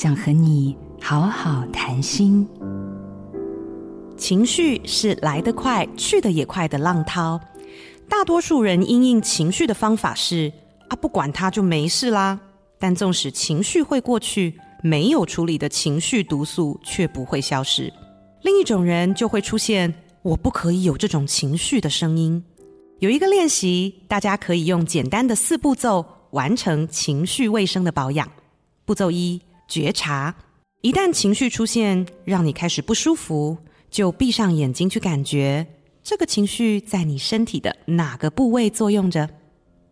想和你好好談心。情緒是來得快、去得也快的浪濤。大多數人因應情緒的方法是：啊，不管它就沒事啦。但縱使情緒會過去，沒有處理的情緒毒素卻不會消失。另一種人就會出現“我不可以有這種情緒”的聲音。有一個練習，大家可以用簡單的四步驟完成情緒衛生的保養。步驟一。覺察，一旦情緒出現，讓你開始不舒服，就閉上眼睛去感覺這個情緒在你身體的哪個部位作用着。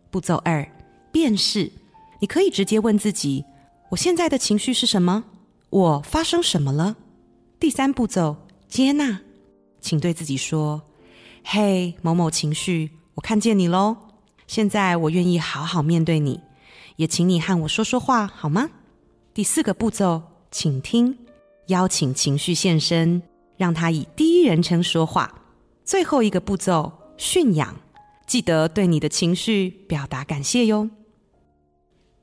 步驟二，辨識，你可以直接問自己：我現在的情緒是什麼？我發生什麼了？第三步驟，接納，請對自己說：“嘿，某某情緒，我看見你嘍。現在我願意好好面對你，也請你和我說說話，好嗎？”第四個步驟，傾聽，邀請情緒現身，讓他以第一人稱說話。最後一個步驟，馴養，記得對你的情緒表達感謝喲。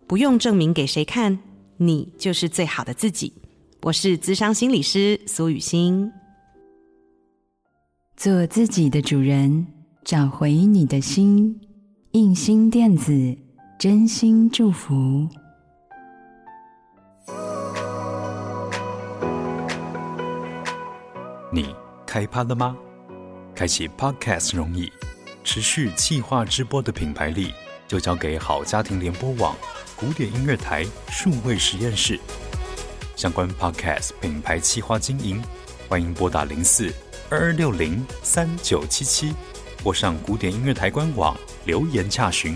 不用證明給誰看，你就是最好的自己。我是諮商心理師蘇予昕，做自己的主人，找回你的心。映興電子，真心祝福。你開拍了嗎？開啟 podcast 容易，持續企劃直播的品牌力就交給好家庭聯播網、古典音樂台、數位實驗室。相關 podcast 品牌企劃經營，歡迎撥打零四二二六零三九七七，或上古典音樂台官網留言洽詢。